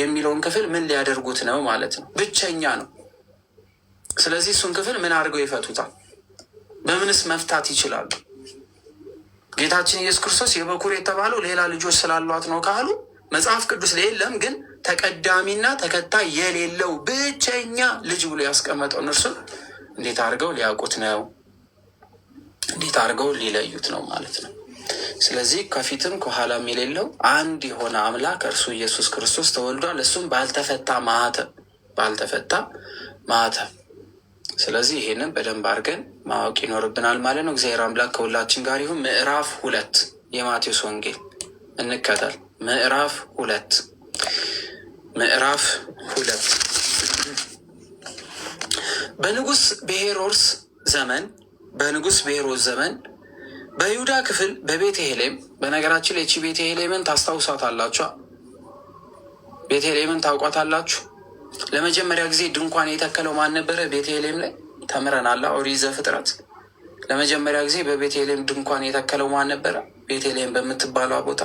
የሚለውን ክፍል ምን ሊያደርጉት ነው ማለት ነው? ብቸኛ ነው። ስለዚህ እሱን ክፍል ምን አድርገው ይፈቱታል? በምንስ መፍታት ይችላሉ? ጌታችን ኢየሱስ ክርስቶስ የበኩር የተባለው ሌላ ልጆች ስላሏት ነው ካሉ መጽሐፍ ቅዱስ ላይ የለም፣ ግን ተቀዳሚና ተከታይ የሌለው ብቸኛ ልጅ ብሎ ያስቀመጠው እነርሱን እንዴት አድርገው ሊያውቁት ነው? እንዴት አድርገው ሊለዩት ነው ማለት ነው? ስለዚህ ከፊትም ከኋላም የሌለው አንድ የሆነ አምላክ እርሱ ኢየሱስ ክርስቶስ ተወልዷል። እሱም ባልተፈታ ማህተም ባልተፈታ ማህተም። ስለዚህ ይሄንን በደንብ አድርገን ማወቅ ይኖርብናል ማለት ነው። እግዚአብሔር አምላክ ከሁላችን ጋር ይሁን። ምዕራፍ ሁለት የማቴዎስ ወንጌል እንከተል። ምዕራፍ ሁለት ምዕራፍ ሁለት በንጉስ በሄሮድስ ዘመን በንጉስ በሄሮድስ ዘመን በይሁዳ ክፍል በቤተሄሌም በነገራችን ላይ እቺ ቤተሄሌምን ታስታውሳታላችሁ። ቤተሄሌምን ታውቋታላችሁ። ለመጀመሪያ ጊዜ ድንኳን የተከለው ማን ነበረ? ቤተሄሌም ላይ ተምረናላ። ኦሪት ዘፍጥረት ለመጀመሪያ ጊዜ በቤተሄሌም ድንኳን የተከለው ማን ነበረ? ቤተሄሌም በምትባለው ቦታ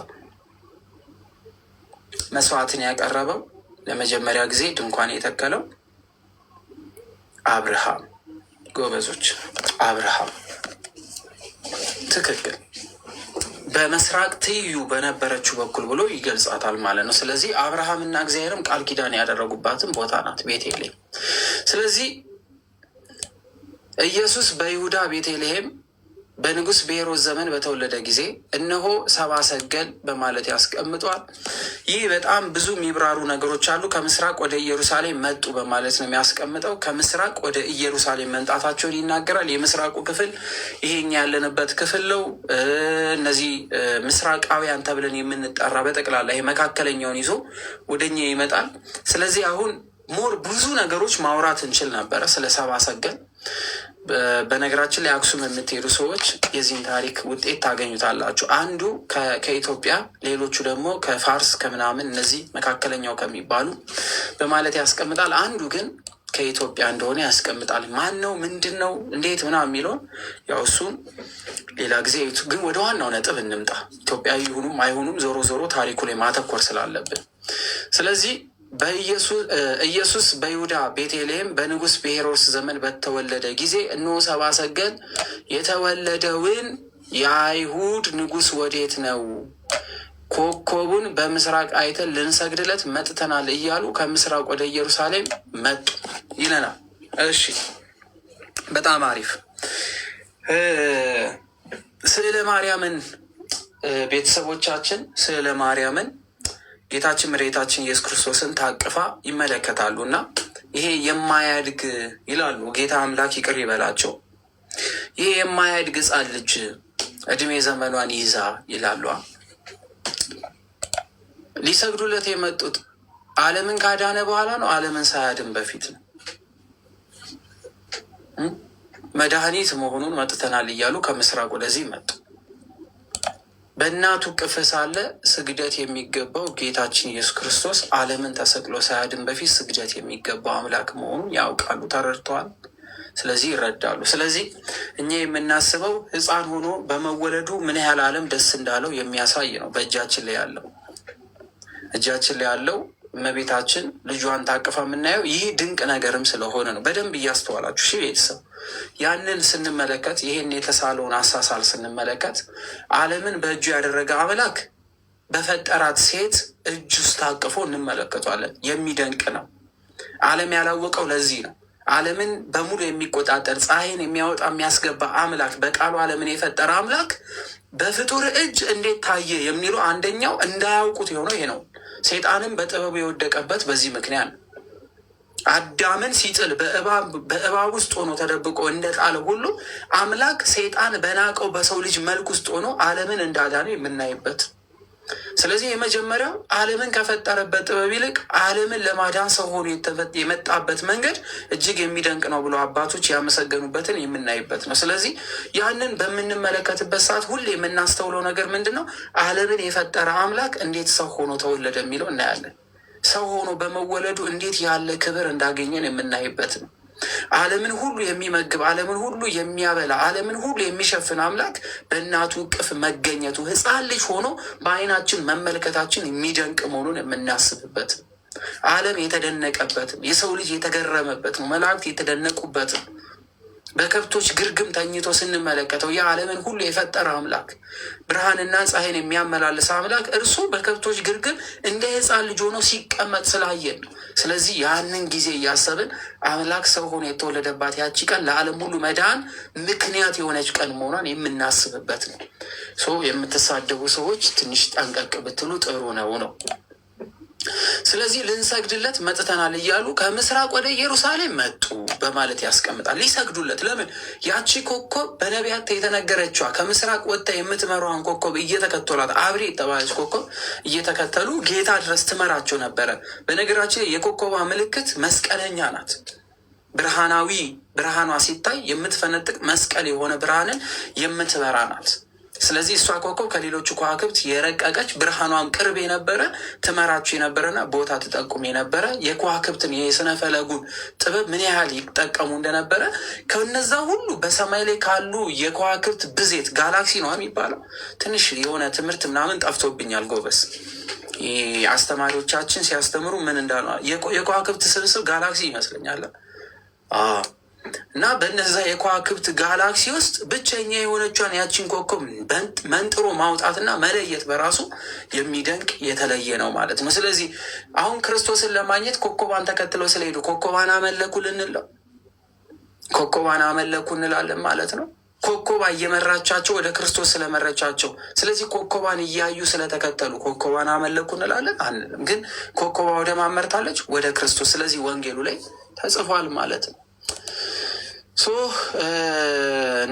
መስዋዕትን ያቀረበው ለመጀመሪያ ጊዜ ድንኳን የተከለው አብርሃም። ጎበዞች፣ አብርሃም ትክክል በምስራቅ ትይዩ በነበረችው በኩል ብሎ ይገልጻታል ማለት ነው። ስለዚህ አብርሃምና እግዚአብሔርም ቃል ኪዳን ያደረጉባትም ቦታ ናት ቤቴልሄም። ስለዚህ ኢየሱስ በይሁዳ ቤቴልሄም በንጉስ ብሔሮስ ዘመን በተወለደ ጊዜ እነሆ ሰባ ሰገል በማለት ያስቀምጧል። ይህ በጣም ብዙ የሚብራሩ ነገሮች አሉ። ከምስራቅ ወደ ኢየሩሳሌም መጡ በማለት ነው የሚያስቀምጠው። ከምስራቅ ወደ ኢየሩሳሌም መምጣታቸውን ይናገራል። የምስራቁ ክፍል ይሄኛ ያለንበት ክፍል ነው። እነዚህ ምስራቃውያን ተብለን የምንጠራ በጠቅላላ ይሄ መካከለኛውን ይዞ ወደኛ ይመጣል። ስለዚህ አሁን ሞር ብዙ ነገሮች ማውራት እንችል ነበረ ስለ ሰባ ሰገል በነገራችን ላይ አክሱም የምትሄዱ ሰዎች የዚህን ታሪክ ውጤት ታገኙታላችሁ። አንዱ ከኢትዮጵያ ሌሎቹ ደግሞ ከፋርስ ከምናምን እነዚህ መካከለኛው ከሚባሉ በማለት ያስቀምጣል። አንዱ ግን ከኢትዮጵያ እንደሆነ ያስቀምጣል። ማን ነው ምንድን ነው እንዴት ምናምን የሚለውን ያው እሱን ሌላ ጊዜ ግን ወደ ዋናው ነጥብ እንምጣ። ኢትዮጵያዊ ይሁኑም አይሁኑም ዞሮ ዞሮ ታሪኩ ላይ ማተኮር ስላለብን ስለዚህ ኢየሱስ በይሁዳ ቤተልሔም በንጉሥ በሄሮድስ ዘመን በተወለደ ጊዜ እነሆ ሰብአ ሰገል የተወለደውን የአይሁድ ንጉሥ ወዴት ነው? ኮከቡን በምስራቅ አይተን ልንሰግድለት መጥተናል እያሉ ከምስራቅ ወደ ኢየሩሳሌም መጡ ይለናል። እሺ፣ በጣም አሪፍ። ስዕለ ማርያምን ቤተሰቦቻችን ስዕለ ማርያምን ጌታችን መድኃኒታችን ኢየሱስ ክርስቶስን ታቅፋ ይመለከታሉ እና ይሄ የማያድግ ይላሉ። ጌታ አምላክ ይቅር ይበላቸው። ይሄ የማያድግ ሕፃን ልጅ እድሜ ዘመኗን ይዛ ይላሉ። ሊሰግዱለት የመጡት ዓለምን ካዳነ በኋላ ነው። ዓለምን ሳያድን በፊት ነው። መድኃኒት መሆኑን መጥተናል እያሉ ከምስራቅ ወደዚህ መጡ። በእናቱ ቅፍ ሳለ ስግደት የሚገባው ጌታችን ኢየሱስ ክርስቶስ ዓለምን ተሰቅሎ ሳያድን በፊት ስግደት የሚገባው አምላክ መሆኑን ያውቃሉ፣ ተረድተዋል። ስለዚህ ይረዳሉ። ስለዚህ እኛ የምናስበው ሕፃን ሆኖ በመወለዱ ምን ያህል ዓለም ደስ እንዳለው የሚያሳይ ነው። በእጃችን ላይ ያለው እጃችን ላይ ያለው እመቤታችን ልጇን ታቅፋ የምናየው ይህ ድንቅ ነገርም ስለሆነ ነው። በደንብ እያስተዋላችሁ ቤተሰብ ያንን ስንመለከት ይህን የተሳለውን አሳሳል ስንመለከት ዓለምን በእጁ ያደረገ አምላክ በፈጠራት ሴት እጅ ውስጥ ታቅፎ እንመለከቷለን። የሚደንቅ ነው። ዓለም ያላወቀው ለዚህ ነው። ዓለምን በሙሉ የሚቆጣጠር ፀሐይን የሚያወጣ የሚያስገባ አምላክ በቃሉ ዓለምን የፈጠረ አምላክ በፍጡር እጅ እንዴት ታየ የሚለው አንደኛው እንዳያውቁት የሆነው ይሄ ነው። ሰይጣንም በጥበቡ የወደቀበት በዚህ ምክንያት ነው። አዳምን ሲጥል በእባብ ውስጥ ሆኖ ተደብቆ እንደጣለ ሁሉ አምላክ ሰይጣን በናቀው በሰው ልጅ መልክ ውስጥ ሆኖ ዓለምን እንዳዳነው የምናይበት። ስለዚህ የመጀመሪያው ዓለምን ከፈጠረበት ጥበብ ይልቅ ዓለምን ለማዳን ሰው ሆኖ የመጣበት መንገድ እጅግ የሚደንቅ ነው ብሎ አባቶች ያመሰገኑበትን የምናይበት ነው። ስለዚህ ያንን በምንመለከትበት ሰዓት ሁሌ የምናስተውለው ነገር ምንድን ነው? ዓለምን የፈጠረ አምላክ እንዴት ሰው ሆኖ ተወለደ የሚለው እናያለን። ሰው ሆኖ በመወለዱ እንዴት ያለ ክብር እንዳገኘን የምናይበት ነው። ዓለምን ሁሉ የሚመግብ ዓለምን ሁሉ የሚያበላ ዓለምን ሁሉ የሚሸፍን አምላክ በእናቱ እቅፍ መገኘቱ ሕፃን ልጅ ሆኖ በዓይናችን መመልከታችን የሚደንቅ መሆኑን የምናስብበት ዓለም የተደነቀበትም የሰው ልጅ የተገረመበትም መላእክት የተደነቁበትም በከብቶች ግርግም ተኝቶ ስንመለከተው የዓለምን ሁሉ የፈጠረ አምላክ ብርሃንና ፀሐይን የሚያመላልስ አምላክ እርሱ በከብቶች ግርግም እንደ ሕፃን ልጅ ሆኖ ሲቀመጥ ስላየን ነው። ስለዚህ ያንን ጊዜ እያሰብን አምላክ ሰው ሆኖ የተወለደባት ያቺ ቀን ለዓለም ሁሉ መዳን ምክንያት የሆነች ቀን መሆኗን የምናስብበት ነው። የምትሳደቡ ሰዎች ትንሽ ጠንቀቅ ብትሉ ጥሩ ነው ነው ስለዚህ ልንሰግድለት መጥተናል እያሉ ከምስራቅ ወደ ኢየሩሳሌም መጡ በማለት ያስቀምጣል። ሊሰግዱለት ለምን? ያቺ ኮከብ በነቢያት የተነገረችዋ ከምስራቅ ወጥታ የምትመራዋን ኮከብ እየተከተሏት አብሬ የተባለች ኮከብ እየተከተሉ ጌታ ድረስ ትመራቸው ነበረ። በነገራችን ላይ የኮከቧ ምልክት መስቀለኛ ናት። ብርሃናዊ ብርሃኗ ሲታይ የምትፈነጥቅ መስቀል የሆነ ብርሃንን የምትበራ ናት። ስለዚህ እሷ ኮከብ ከሌሎቹ ከዋክብት የረቀቀች ብርሃኗም ቅርብ የነበረ ትመራችሁ የነበረና ቦታ ትጠቁም የነበረ የከዋክብትን የስነፈለጉን ጥበብ ምን ያህል ይጠቀሙ እንደነበረ ከነዛ ሁሉ በሰማይ ላይ ካሉ የከዋክብት ብዜት ጋላክሲ ነው የሚባለው። ትንሽ የሆነ ትምህርት ምናምን ጠፍቶብኛል ጎበስ አስተማሪዎቻችን ሲያስተምሩ ምን እንዳ የከዋክብት ስብስብ ጋላክሲ ይመስለኛል። እና በነዛ የከዋክብት ጋላክሲ ውስጥ ብቸኛ የሆነቿን ያችን ኮከብ መንጥሮ ማውጣትና መለየት በራሱ የሚደንቅ የተለየ ነው ማለት ነው። ስለዚህ አሁን ክርስቶስን ለማግኘት ኮከቧን ተከትለው ስለሄዱ ኮከቧን አመለኩ ልንለው ኮከቧን አመለኩ እንላለን ማለት ነው። ኮከቧ እየመራቻቸው ወደ ክርስቶስ ስለመረቻቸው፣ ስለዚህ ኮከቧን እያዩ ስለተከተሉ ኮከቧን አመለኩ እንላለን አንልም። ግን ኮከቧ ወደ ማመርታለች ወደ ክርስቶስ። ስለዚህ ወንጌሉ ላይ ተጽፏል ማለት ነው። ሶ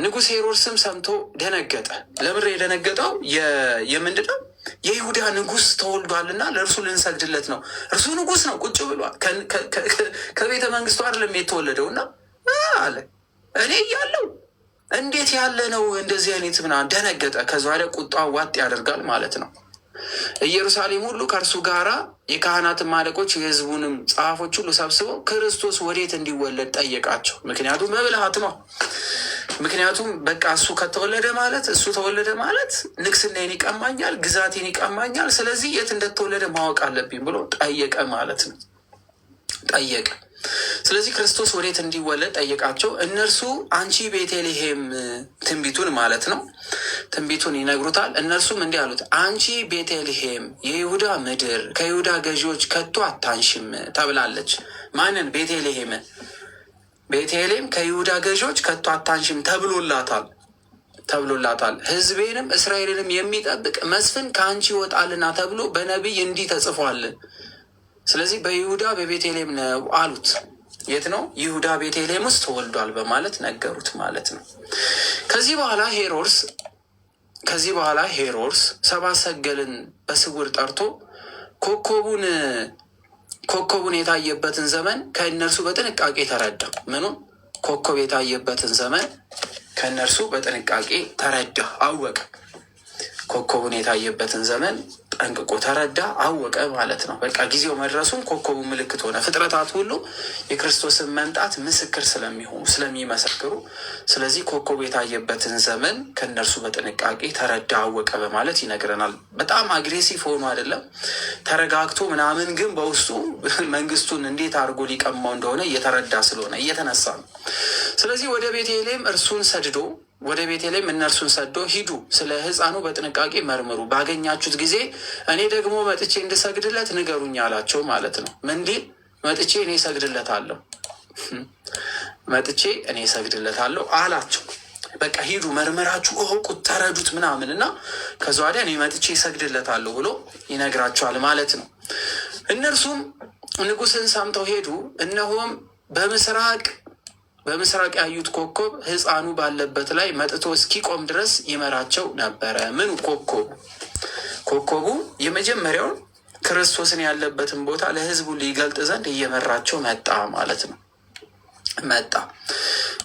ንጉሥ ሄሮድስም ሰምቶ ደነገጠ። ለምር የደነገጠው የምንድነው የይሁዳ ንጉሥ ተወልዷልና ለእርሱ ልንሰግድለት ነው። እርሱ ንጉሥ ነው፣ ቁጭ ብሏል። ከቤተ መንግስቱ አይደለም የተወለደውና አለ እኔ እያለው እንዴት ያለ ነው እንደዚህ አይነት ምናምን። ደነገጠ። ከዛ ቁጣ ዋጥ ያደርጋል ማለት ነው። ኢየሩሳሌም ሁሉ ከእርሱ ጋራ የካህናትን አለቆች የህዝቡንም ጸሐፎች ሁሉ ሰብስበው ክርስቶስ ወዴት እንዲወለድ ጠየቃቸው። ምክንያቱም መብልሃት ነው። ምክንያቱም በቃ እሱ ከተወለደ ማለት እሱ ተወለደ ማለት ንግስናዬን ይቀማኛል፣ ግዛቴን ይቀማኛል። ስለዚህ የት እንደተወለደ ማወቅ አለብኝ ብሎ ጠየቀ ማለት ነው። ጠየቀ ስለዚህ ክርስቶስ ወዴት እንዲወለድ ጠየቃቸው እነርሱ አንቺ ቤተልሔም፣ ትንቢቱን ማለት ነው፣ ትንቢቱን ይነግሩታል። እነርሱም እንዲህ አሉት፣ አንቺ ቤተልሔም የይሁዳ ምድር ከይሁዳ ገዢዎች ከቶ አታንሽም ተብላለች። ማንን? ቤተልሔም ቤተልሔም ከይሁዳ ገዢዎች ከቶ አታንሽም ተብሎላታል ተብሎላታል። ህዝቤንም እስራኤልንም የሚጠብቅ መስፍን ከአንቺ ይወጣልና ተብሎ በነቢይ እንዲህ ተጽፏል። ስለዚህ በይሁዳ በቤተልሔም ነው አሉት። የት ነው? ይሁዳ ቤተልሔም ውስጥ ተወልዷል በማለት ነገሩት ማለት ነው። ከዚህ በኋላ ሄሮድስ ከዚህ በኋላ ሄሮድስ ሰብአ ሰገልን በስውር ጠርቶ ኮከቡን ኮከቡን የታየበትን ዘመን ከእነርሱ በጥንቃቄ ተረዳ። ምኑ ኮከብ የታየበትን ዘመን ከእነርሱ በጥንቃቄ ተረዳ፣ አወቀ። ኮከቡን የታየበትን ዘመን ጠንቅቆ ተረዳ፣ አወቀ ማለት ነው። በቃ ጊዜው መድረሱን ኮከቡ ምልክት ሆነ። ፍጥረታት ሁሉ የክርስቶስን መምጣት ምስክር ስለሚሆኑ ስለሚመሰክሩ፣ ስለዚህ ኮከቡ የታየበትን ዘመን ከእነርሱ በጥንቃቄ ተረዳ፣ አወቀ በማለት ይነግረናል። በጣም አግሬሲቭ ሆኖ አይደለም፣ ተረጋግቶ ምናምን፣ ግን በውስጡ መንግስቱን እንዴት አድርጎ ሊቀማው እንደሆነ እየተረዳ ስለሆነ እየተነሳ ነው። ስለዚህ ወደ ቤተልሔም እርሱን ሰድዶ ወደ ቤተልሔም እነርሱን ሰዶ ሂዱ፣ ስለ ሕፃኑ በጥንቃቄ መርምሩ፣ ባገኛችሁት ጊዜ እኔ ደግሞ መጥቼ እንድሰግድለት ንገሩኝ አላቸው ማለት ነው። ምንዲል መጥቼ እኔ እሰግድለታለሁ፣ መጥቼ እኔ እሰግድለታለሁ አላቸው። በቃ ሂዱ፣ መርምራችሁ እወቁት፣ ተረዱት ምናምን እና ከዚ ወዲያ እኔ መጥቼ እሰግድለታለሁ ብሎ ይነግራቸዋል ማለት ነው። እነርሱም ንጉሥን ሰምተው ሄዱ። እነሆም በምስራቅ በምስራቅ ያዩት ኮከብ ህፃኑ ባለበት ላይ መጥቶ እስኪቆም ድረስ ይመራቸው ነበረ። ምን ኮከቡ ኮከቡ የመጀመሪያውን ክርስቶስን ያለበትን ቦታ ለህዝቡ ሊገልጥ ዘንድ እየመራቸው መጣ ማለት ነው። መጣ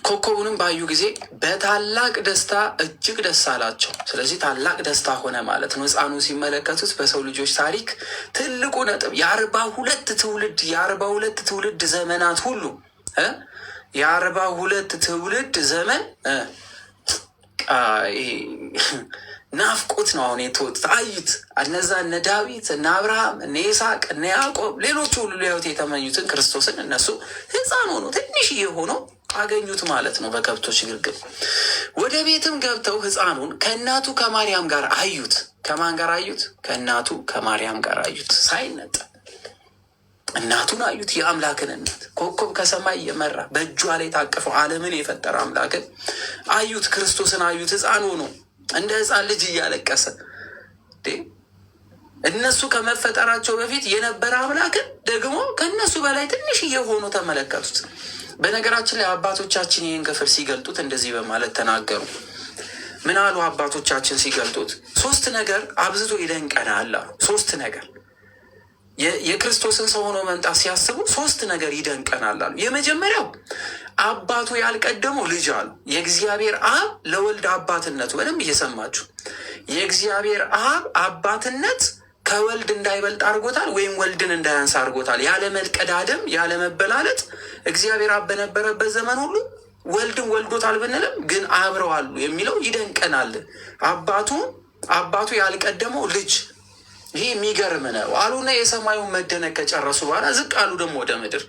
ኮከቡንም ባዩ ጊዜ በታላቅ ደስታ እጅግ ደስ አላቸው። ስለዚህ ታላቅ ደስታ ሆነ ማለት ነው። ህፃኑ ሲመለከቱት በሰው ልጆች ታሪክ ትልቁ ነጥብ የአርባ ሁለት ትውልድ የአርባ ሁለት ትውልድ ዘመናት ሁሉ የአርባ ሁለት ትውልድ ዘመን ናፍቆት ነው። አሁን የተወት አዩት። እነዛ እነ ዳዊት እነ አብርሃም እነ ይስሐቅ እነ ያዕቆብ ሌሎቹ ሁሉ ሊያዩት የተመኙትን ክርስቶስን እነሱ ሕፃን ሆኖ ትንሽዬ ሆኖ አገኙት ማለት ነው በከብቶች ግርግም። ወደ ቤትም ገብተው ሕፃኑን ከእናቱ ከማርያም ጋር አዩት። ከማን ጋር አዩት? ከእናቱ ከማርያም ጋር አዩት ሳይነጠ እናቱን አዩት። የአምላክን እናት ኮከብ ከሰማይ የመራ በእጇ ላይ ታቀፈው ዓለምን የፈጠረ አምላክን አዩት። ክርስቶስን አዩት። ሕፃን ሆኖ እንደ ሕፃን ልጅ እያለቀሰ እነሱ ከመፈጠራቸው በፊት የነበረ አምላክን ደግሞ ከእነሱ በላይ ትንሽዬ ሆኖ ተመለከቱት። በነገራችን ላይ አባቶቻችን ይህን ክፍል ሲገልጡት እንደዚህ በማለት ተናገሩ። ምን አሉ አባቶቻችን ሲገልጡት? ሶስት ነገር አብዝቶ ይደንቀናል አሉ። ሶስት ነገር የክርስቶስን ሰው ሆኖ መምጣት ሲያስቡ ሶስት ነገር ይደንቀናል አሉ። የመጀመሪያው አባቱ ያልቀደመው ልጅ አሉ። የእግዚአብሔር አብ ለወልድ አባትነቱ በደንብ እየሰማችሁ፣ የእግዚአብሔር አብ አባትነት ከወልድ እንዳይበልጥ አድርጎታል፣ ወይም ወልድን እንዳያንስ አድርጎታል። ያለ መልቀዳደም ያለ እግዚአብሔር አብ በነበረበት ዘመን ሁሉ ወልድን ወልዶታል ብንልም ግን አብረው አሉ የሚለው ይደንቀናል። አባቱ አባቱ ያልቀደመው ልጅ ይህ የሚገርም ነው አሉና የሰማዩን መደነቅ ከጨረሱ በኋላ ዝቅ አሉ ደግሞ ወደ ምድር።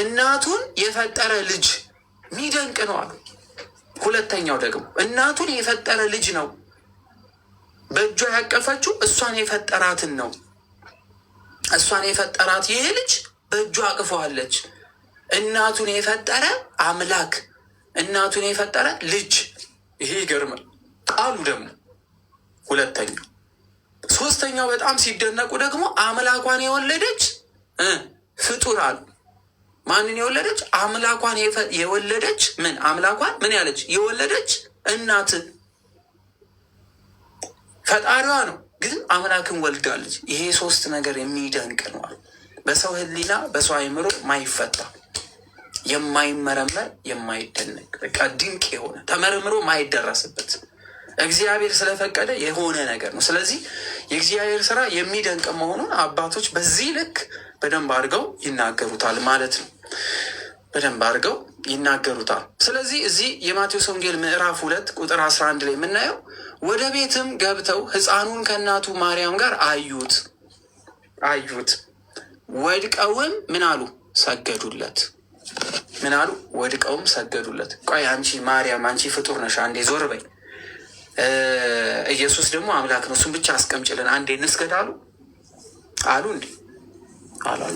እናቱን የፈጠረ ልጅ የሚደንቅ ነው አሉ። ሁለተኛው ደግሞ እናቱን የፈጠረ ልጅ ነው፣ በእጇ ያቀፈችው እሷን የፈጠራትን ነው። እሷን የፈጠራት ይህ ልጅ በእጇ አቅፈዋለች። እናቱን የፈጠረ አምላክ፣ እናቱን የፈጠረ ልጅ፣ ይሄ ይገርማል ቃሉ ደግሞ ሁለተኛው ሶስተኛው በጣም ሲደነቁ ደግሞ አምላኳን የወለደች ፍጡር አሉ። ማንን የወለደች? አምላኳን የወለደች ምን አምላኳን ምን ያለች የወለደች እናት ፈጣሪዋ ነው፣ ግን አምላክን ወልዳለች። ይሄ ሶስት ነገር የሚደንቅ ነው። በሰው ህሊና በሰው አይምሮ ማይፈታ የማይመረመር የማይደነቅ በቃ ድንቅ የሆነ ተመርምሮ ማይደረስበት እግዚአብሔር ስለፈቀደ የሆነ ነገር ነው። ስለዚህ የእግዚአብሔር ስራ የሚደንቅ መሆኑን አባቶች በዚህ ልክ በደንብ አድርገው ይናገሩታል ማለት ነው። በደንብ አድርገው ይናገሩታል። ስለዚህ እዚህ የማቴዎስ ወንጌል ምዕራፍ ሁለት ቁጥር አስራ አንድ ላይ የምናየው ወደ ቤትም ገብተው ሕፃኑን ከእናቱ ማርያም ጋር አዩት አዩት ወድቀውም ምን አሉ ሰገዱለት። ምን አሉ ወድቀውም ሰገዱለት። ቆይ አንቺ ማርያም አንቺ ፍጡር ነሽ፣ አንዴ ዞር በይ ኢየሱስ ደግሞ አምላክ ነው፣ እሱን ብቻ አስቀምጭልን አንዴ እንስገድ አሉ አሉ እንዲ አላሉ።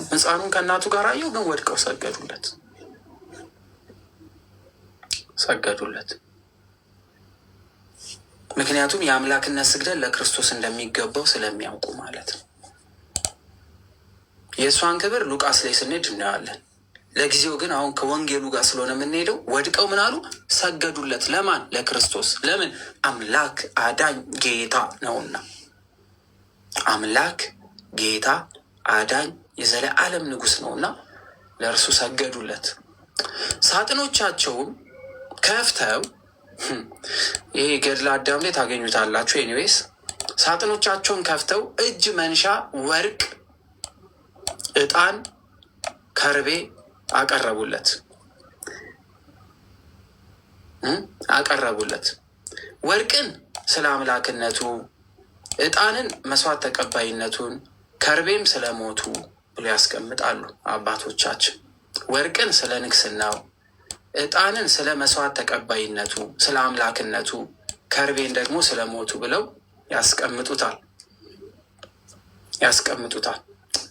ከእናቱ ጋር አየው፣ ግን ወድቀው ሰገዱለት ሰገዱለት። ምክንያቱም የአምላክነት ስግደት ለክርስቶስ እንደሚገባው ስለሚያውቁ ማለት ነው። የእሷን ክብር ሉቃስ ላይ ስንሄድ እናየዋለን። ለጊዜው ግን አሁን ከወንጌሉ ጋር ስለሆነ የምንሄደው ወድቀው ምን አሉ? ሰገዱለት። ለማን? ለክርስቶስ። ለምን? አምላክ አዳኝ ጌታ ነውና፣ አምላክ ጌታ አዳኝ የዘለዓለም ንጉሥ ነውና ለእርሱ ሰገዱለት። ሳጥኖቻቸውም ከፍተው ይሄ ገድለ አዳም ላይ ታገኙታላችሁ። ኤኒዌይስ ሳጥኖቻቸውን ከፍተው እጅ መንሻ ወርቅ፣ ዕጣን፣ ከርቤ አቀረቡለት አቀረቡለት ወርቅን ስለ አምላክነቱ ዕጣንን መስዋዕት ተቀባይነቱን ከርቤም ስለ ሞቱ ብሎ ያስቀምጣሉ አባቶቻችን። ወርቅን ስለ ንግስናው፣ ዕጣንን ስለ መስዋዕት ተቀባይነቱ፣ ስለ አምላክነቱ፣ ከርቤን ደግሞ ስለ ሞቱ ብለው ያስቀምጡታል ያስቀምጡታል።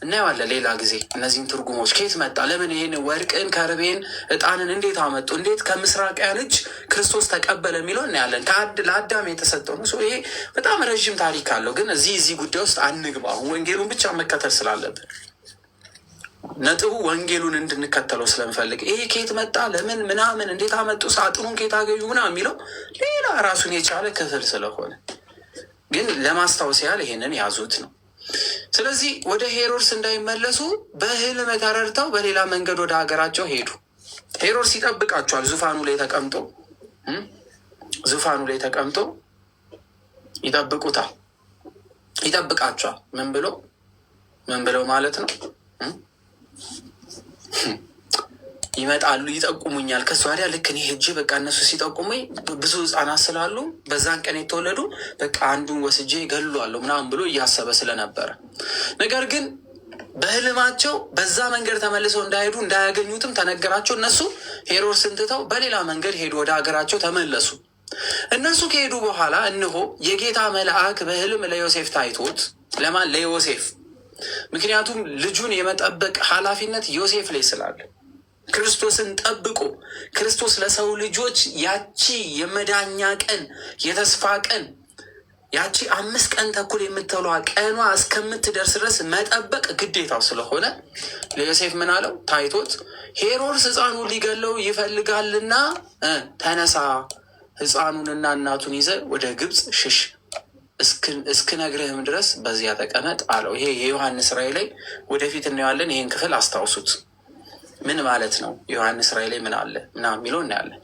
እናየዋለን ሌላ ጊዜ እነዚህን ትርጉሞች ከየት መጣ፣ ለምን ይህን ወርቅን፣ ከርቤን፣ እጣንን እንዴት አመጡ፣ እንዴት ከምስራቅያን እጅ ክርስቶስ ተቀበለ የሚለው እናያለን። ለአዳም የተሰጠው ነው። ይሄ በጣም ረዥም ታሪክ አለው፣ ግን እዚህ እዚህ ጉዳይ ውስጥ አንግባ። ወንጌሉን ብቻ መከተል ስላለብን ነጥቡ ወንጌሉን እንድንከተለው ስለምፈልግ ይሄ ከየት መጣ፣ ለምን ምናምን፣ እንዴት አመጡ፣ ሳጥኑን ከየት አገኙ ምና የሚለው ሌላ ራሱን የቻለ ክፍል ስለሆነ ግን ለማስታወስ ያህል ይሄንን ያዙት ነው። ስለዚህ ወደ ሄሮድስ እንዳይመለሱ በህልም ተረድተው በሌላ መንገድ ወደ ሀገራቸው ሄዱ። ሄሮድስ ይጠብቃቸዋል። ዙፋኑ ላይ ተቀምጦ ዙፋኑ ላይ ተቀምጦ ይጠብቁታል፣ ይጠብቃቸዋል። ምን ብሎ ምን ብለው ማለት ነው ይመጣሉ፣ ይጠቁሙኛል። ከሱ ታዲያ ልክ እኔ ሄጄ በቃ እነሱ ሲጠቁሙኝ ብዙ ህጻናት ስላሉ በዛን ቀን የተወለዱ በቃ አንዱን ወስጄ ገሏለሁ ምናምን ብሎ እያሰበ ስለነበረ ነገር ግን በህልማቸው በዛ መንገድ ተመልሰው እንዳይሄዱ እንዳያገኙትም ተነገራቸው። እነሱ ሄሮድስን ትተው በሌላ መንገድ ሄዱ፣ ወደ ሀገራቸው ተመለሱ። እነሱ ከሄዱ በኋላ እነሆ የጌታ መልአክ በህልም ለዮሴፍ ታይቶት ለማን? ለዮሴፍ። ምክንያቱም ልጁን የመጠበቅ ኃላፊነት ዮሴፍ ላይ ስላለ ክርስቶስን ጠብቁ። ክርስቶስ ለሰው ልጆች ያቺ የመዳኛ ቀን የተስፋ ቀን ያቺ አምስት ቀን ተኩል የምትሏ ቀኗ እስከምትደርስ ድረስ መጠበቅ ግዴታው ስለሆነ ለዮሴፍ ምን አለው? ታይቶት ሄሮድስ ሕፃኑን ሊገለው ይፈልጋልና ተነሳ፣ ሕፃኑንና እናቱን ይዘ ወደ ግብፅ ሽሽ፣ እስክነግርህም ድረስ በዚያ ተቀመጥ አለው። ይሄ የዮሐንስ ራእይ ላይ ወደፊት እናየዋለን። ይህን ክፍል አስታውሱት። ምን ማለት ነው ዮሐንስ ራእይ ላይ ምን አለ ምናምን የሚለው እናያለን።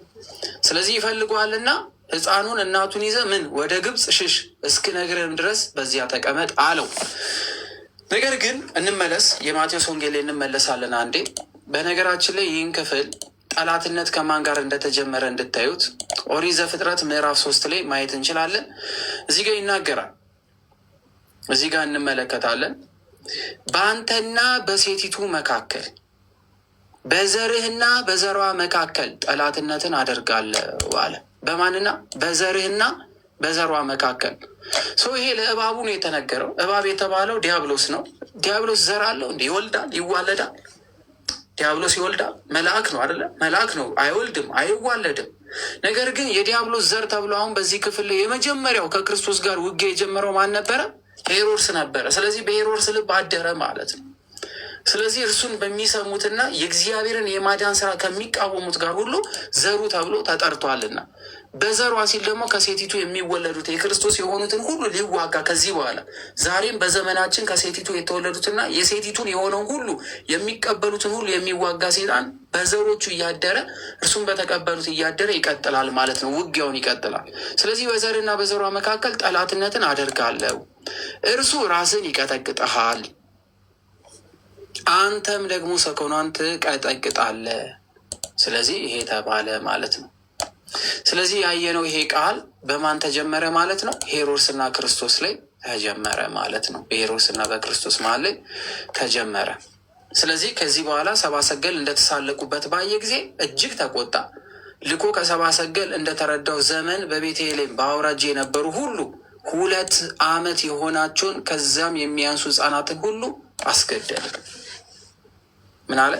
ስለዚህ ይፈልጓልና ህፃኑን እናቱን ይዘ ምን ወደ ግብፅ ሽሽ እስክነግርህም ድረስ በዚያ ተቀመጥ አለው። ነገር ግን እንመለስ፣ የማቴዎስ ወንጌል ላይ እንመለሳለን አንዴ። በነገራችን ላይ ይህን ክፍል ጠላትነት ከማን ጋር እንደተጀመረ እንድታዩት ኦሪት ዘፍጥረት ምዕራፍ ሶስት ላይ ማየት እንችላለን። እዚህ ጋር ይናገራል፣ እዚህ ጋር እንመለከታለን። በአንተና በሴቲቱ መካከል በዘርህና በዘሯ መካከል ጠላትነትን አደርጋለሁ አለ። በማንና በዘርህና በዘሯ መካከል ይሄ ለእባቡ ነው የተነገረው። እባብ የተባለው ዲያብሎስ ነው። ዲያብሎስ ዘር አለው እንዴ? ይወልዳል? ይዋለዳል? ዲያብሎስ ይወልዳል? መልአክ ነው አይደለ? መልአክ ነው። አይወልድም፣ አይዋለድም። ነገር ግን የዲያብሎስ ዘር ተብሎ አሁን በዚህ ክፍል የመጀመሪያው ከክርስቶስ ጋር ውጊያ የጀመረው ማን ነበረ? ሄሮድስ ነበረ። ስለዚህ በሄሮድስ ልብ አደረ ማለት ነው። ስለዚህ እርሱን በሚሰሙትና የእግዚአብሔርን የማዳን ስራ ከሚቃወሙት ጋር ሁሉ ዘሩ ተብሎ ተጠርቷልና በዘሯ ሲል ደግሞ ከሴቲቱ የሚወለዱት የክርስቶስ የሆኑትን ሁሉ ሊዋጋ ከዚህ በኋላ ዛሬም በዘመናችን ከሴቲቱ የተወለዱትና የሴቲቱን የሆነውን ሁሉ የሚቀበሉትን ሁሉ የሚዋጋ ሴጣን በዘሮቹ እያደረ እርሱን በተቀበሉት እያደረ ይቀጥላል ማለት ነው። ውጊያውን ይቀጥላል። ስለዚህ በዘርና በዘሯ መካከል ጠላትነትን አደርጋለሁ። እርሱ ራስን ይቀጠቅጠሃል አንተም ደግሞ ሰኮኗን ትቀጠቅጣለህ። ስለዚህ ይሄ ተባለ ማለት ነው። ስለዚህ ያየነው ይሄ ቃል በማን ተጀመረ ማለት ነው? ሄሮድስና ክርስቶስ ላይ ተጀመረ ማለት ነው። በሄሮድስና በክርስቶስ መሀል ላይ ተጀመረ። ስለዚህ ከዚህ በኋላ ሰባ ሰገል እንደተሳለቁበት ባየ ጊዜ እጅግ ተቆጣ። ልኮ ከሰባ ሰገል እንደተረዳው ዘመን በቤተልሔም በአውራጅ የነበሩ ሁሉ ሁለት ዓመት የሆናቸውን ከዚያም የሚያንሱ ሕፃናትን ሁሉ አስገደለ። ምን አለ?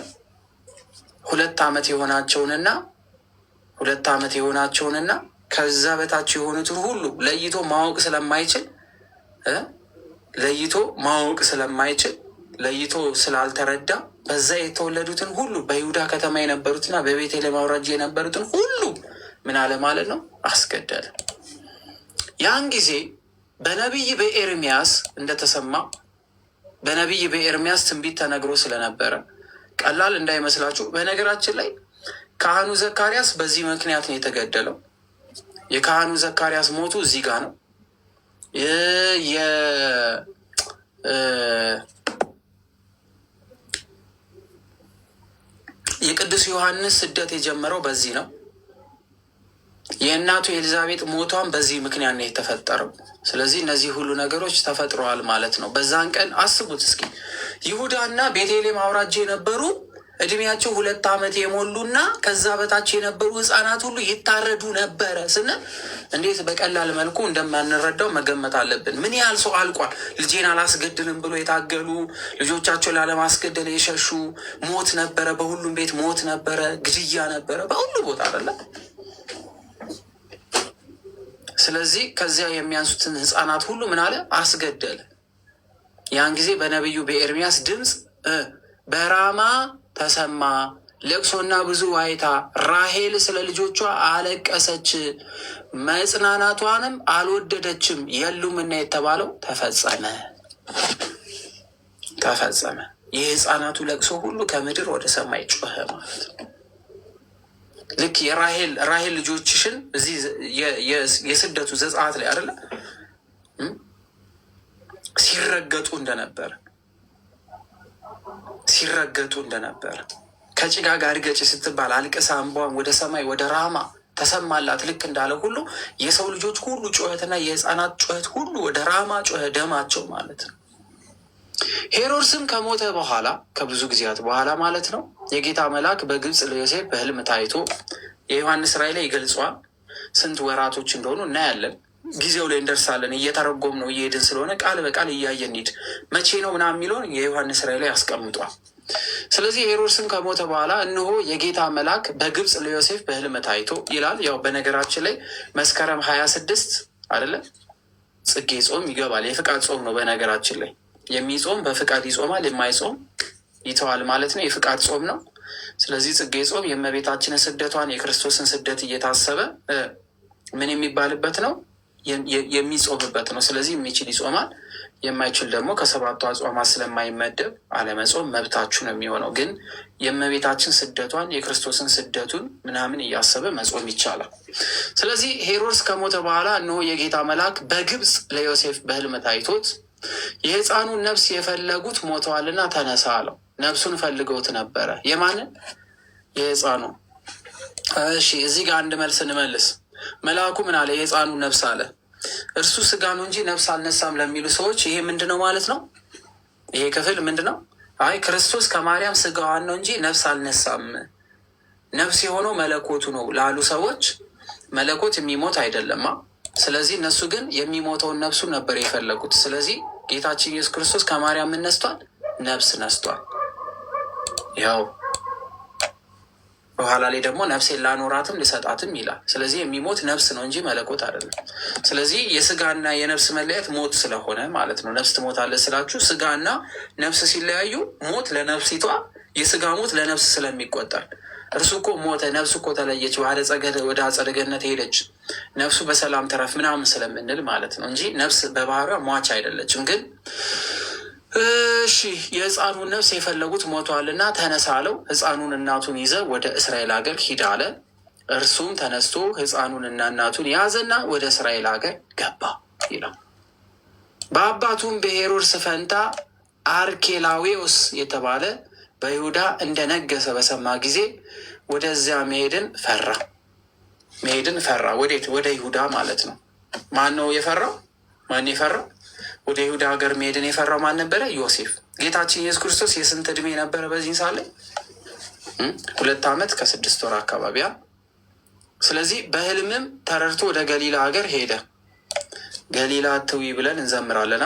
ሁለት ዓመት የሆናቸውንና ሁለት ዓመት የሆናቸውንና ከዛ በታች የሆኑትን ሁሉ ለይቶ ማወቅ ስለማይችል ለይቶ ማወቅ ስለማይችል ለይቶ ስላልተረዳ በዛ የተወለዱትን ሁሉ በይሁዳ ከተማ የነበሩትና በቤተልሔም አውራጃ የነበሩትን ሁሉ ምን አለ ማለት ነው አስገደለ። ያን ጊዜ በነቢይ በኤርሚያስ እንደተሰማ በነቢይ በኤርሚያስ ትንቢት ተነግሮ ስለነበረ ቀላል እንዳይመስላችሁ። በነገራችን ላይ ካህኑ ዘካርያስ በዚህ ምክንያት ነው የተገደለው። የካህኑ ዘካርያስ ሞቱ እዚህ ጋር ነው። የቅዱስ ዮሐንስ ስደት የጀመረው በዚህ ነው። የእናቱ ኤልዛቤጥ ሞቷን በዚህ ምክንያት ነው የተፈጠረው። ስለዚህ እነዚህ ሁሉ ነገሮች ተፈጥረዋል ማለት ነው። በዛን ቀን አስቡት እስኪ ይሁዳና ቤተልሔም አውራጃ የነበሩ እድሜያቸው ሁለት ዓመት የሞሉና ከዛ በታች የነበሩ ህጻናት ሁሉ ይታረዱ ነበረ ስንል እንዴት በቀላል መልኩ እንደማንረዳው መገመት አለብን። ምን ያህል ሰው አልቋል? ልጄን አላስገድልም ብሎ የታገሉ ልጆቻቸው ላለማስገደል የሸሹ ሞት ነበረ። በሁሉም ቤት ሞት ነበረ፣ ግድያ ነበረ፣ በሁሉ ቦታ አይደለም ስለዚህ ከዚያ የሚያንሱትን ህፃናት ሁሉ ምን አለ አስገደለ። ያን ጊዜ በነቢዩ በኤርሚያስ ድምፅ በራማ ተሰማ ለቅሶና ብዙ ዋይታ፣ ራሄል ስለ ልጆቿ አለቀሰች፣ መጽናናቷንም አልወደደችም የሉምና የተባለው ተፈጸመ ተፈጸመ። የህፃናቱ ለቅሶ ሁሉ ከምድር ወደ ሰማይ ጮኸ ማለት ነው። ልክ የራሄል ራሄል ልጆችሽን እዚህ የስደቱ ዘጸአት ላይ አይደለ ሲረገጡ እንደነበር ሲረገጡ እንደነበር ከጭጋግ አድገጭ ስትባል አልቅሳ እንባዋን ወደ ሰማይ ወደ ራማ ተሰማላት። ልክ እንዳለ ሁሉ የሰው ልጆች ሁሉ ጩኸትና የህፃናት ጩኸት ሁሉ ወደ ራማ ጩኸ፣ ደማቸው ማለት ነው። ሄሮድስም ከሞተ በኋላ ከብዙ ጊዜያት በኋላ ማለት ነው የጌታ መልአክ በግብፅ ለዮሴፍ በህልም ታይቶ የዮሐንስ ራእይ ላይ ይገልጸዋል። ስንት ወራቶች እንደሆኑ እናያለን። ጊዜው ላይ እንደርሳለን። እየተረጎም ነው እየሄድን ስለሆነ ቃል በቃል እያየን ሂድ። መቼ ነው ምናምን የሚለውን የዮሐንስ ራእይ ላይ አስቀምጧል። ስለዚህ ሄሮድስም ከሞተ በኋላ እነሆ የጌታ መልአክ በግብፅ ለዮሴፍ በህልም ታይቶ ይላል። ያው በነገራችን ላይ መስከረም ሀያ ስድስት አይደለም? ጽጌ ጾም ይገባል። የፍቃድ ጾም ነው። በነገራችን ላይ የሚጾም በፍቃድ ይጾማል፣ የማይጾም ይተዋል ማለት ነው። የፍቃድ ጾም ነው። ስለዚህ ጽጌ ጾም የእመቤታችንን ስደቷን የክርስቶስን ስደት እየታሰበ ምን የሚባልበት ነው? የሚጾምበት ነው። ስለዚህ የሚችል ይጾማል፣ የማይችል ደግሞ ከሰባቱ አጽዋማት ስለማይመደብ አለመጾም መብታችሁ ነው የሚሆነው። ግን የእመቤታችን ስደቷን የክርስቶስን ስደቱን ምናምን እያሰበ መጾም ይቻላል። ስለዚህ ሄሮድስ ከሞተ በኋላ እነሆ የጌታ መልአክ በግብፅ ለዮሴፍ በህልም ታይቶት የህፃኑን ነፍስ የፈለጉት ሞተዋልና ተነሳ አለው። ነብሱን ፈልገውት ነበረ። የማንን የህፃኑ። እሺ እዚህ ጋር አንድ መልስ እንመልስ። መልአኩ ምን አለ? የህፃኑ ነብስ አለ። እርሱ ስጋ ነው እንጂ ነብስ አልነሳም ለሚሉ ሰዎች ይሄ ምንድን ነው ማለት ነው? ይሄ ክፍል ምንድን ነው? አይ ክርስቶስ ከማርያም ስጋዋን ነው እንጂ ነብስ አልነሳም፣ ነብስ የሆነው መለኮቱ ነው ላሉ ሰዎች መለኮት የሚሞት አይደለማ። ስለዚህ እነሱ ግን የሚሞተውን ነብሱ ነበር የፈለጉት። ስለዚህ ጌታችን ኢየሱስ ክርስቶስ ከማርያም ነስቷል፣ ነብስ ነስቷል። ያው በኋላ ላይ ደግሞ ነፍሴን ላኖራትም ልሰጣትም ይላል። ስለዚህ የሚሞት ነፍስ ነው እንጂ መለኮት አይደለም። ስለዚህ የስጋና የነፍስ መለያየት ሞት ስለሆነ ማለት ነው። ነፍስ ትሞታለች ስላችሁ ስጋና ነፍስ ሲለያዩ ሞት ለነፍሲቷ የስጋ ሞት ለነፍስ ስለሚቆጠር እርሱ እኮ ሞተ፣ ነፍሱ እኮ ተለየች፣ ወደ አጸደ ገነት ሄደች፣ ነፍሱ በሰላም ተረፍ ምናምን ስለምንል ማለት ነው እንጂ ነፍስ በባህሪዋ ሟች አይደለችም ግን እሺ የህፃኑን ነፍስ የፈለጉት ሞቷልና ተነሳ አለው። ህፃኑን እናቱን ይዘ ወደ እስራኤል ሀገር ሂድ አለ። እርሱም ተነስቶ ህፃኑንና እናቱን ያዘና ወደ እስራኤል ሀገር ገባ ይላል። በአባቱም በሄሮድስ ፈንታ አርኬላዌዎስ የተባለ በይሁዳ እንደነገሰ በሰማ ጊዜ ወደዚያ መሄድን ፈራ። መሄድን ፈራ። ወዴት? ወደ ይሁዳ ማለት ነው። ማን ነው የፈራው? ማን የፈራው? ወደ ይሁዳ ሀገር መሄድን የፈራው ማን ነበረ? ዮሴፍ። ጌታችን ኢየሱስ ክርስቶስ የስንት እድሜ ነበረ በዚህ ሰዓት ላይ? ሁለት ዓመት ከስድስት ወር አካባቢያ። ስለዚህ በህልምም ተረድቶ ወደ ገሊላ ሀገር ሄደ። ገሊላ አትዊ ብለን እንዘምራለና።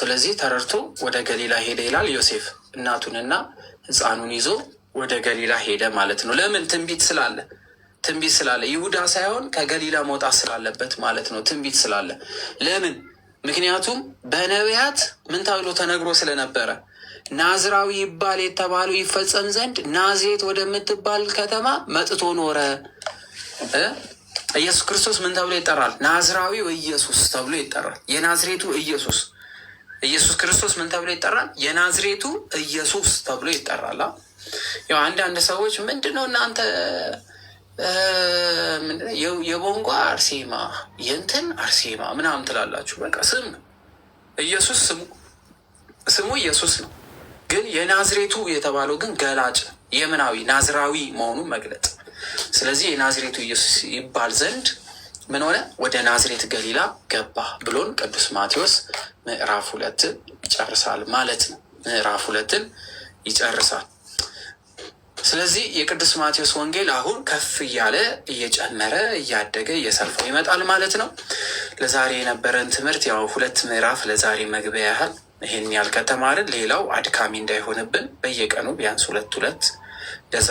ስለዚህ ተረድቶ ወደ ገሊላ ሄደ ይላል። ዮሴፍ እናቱንና ህፃኑን ይዞ ወደ ገሊላ ሄደ ማለት ነው። ለምን? ትንቢት ስላለ ትንቢት ስላለ ይሁዳ ሳይሆን ከገሊላ መውጣት ስላለበት ማለት ነው። ትንቢት ስላለ ለምን ምክንያቱም በነቢያት ምን ተብሎ ተነግሮ ስለነበረ ናዝራዊ ይባል የተባለው ይፈጸም ዘንድ ናዝሬት ወደምትባል ከተማ መጥቶ ኖረ። ኢየሱስ ክርስቶስ ምን ተብሎ ይጠራል? ናዝራዊው ኢየሱስ ተብሎ ይጠራል። የናዝሬቱ ኢየሱስ ኢየሱስ ክርስቶስ ምን ተብሎ ይጠራል? የናዝሬቱ ኢየሱስ ተብሎ ይጠራል። ያው አንዳንድ ሰዎች ምንድነው እናንተ የቦንጓ አርሴማ የእንትን አርሴማ ምናምን ትላላችሁ። በቃ ስም ኢየሱስ ስሙ ኢየሱስ ነው። ግን የናዝሬቱ የተባለው ግን ገላጭ የምናዊ ናዝራዊ መሆኑን መግለጽ። ስለዚህ የናዝሬቱ ኢየሱስ ይባል ዘንድ ምን ሆነ? ወደ ናዝሬት ገሊላ ገባ ብሎን ቅዱስ ማቴዎስ ምዕራፍ ሁለትን ይጨርሳል ማለት ነው። ምዕራፍ ሁለትን ይጨርሳል። ስለዚህ የቅዱስ ማቴዎስ ወንጌል አሁን ከፍ እያለ እየጨመረ እያደገ እየሰፋው ይመጣል ማለት ነው። ለዛሬ የነበረን ትምህርት ያው ሁለት ምዕራፍ ለዛሬ መግቢያ ያህል ይህን ያልከተማርን ሌላው አድካሚ እንዳይሆንብን በየቀኑ ቢያንስ ሁለት ሁለት ደዛ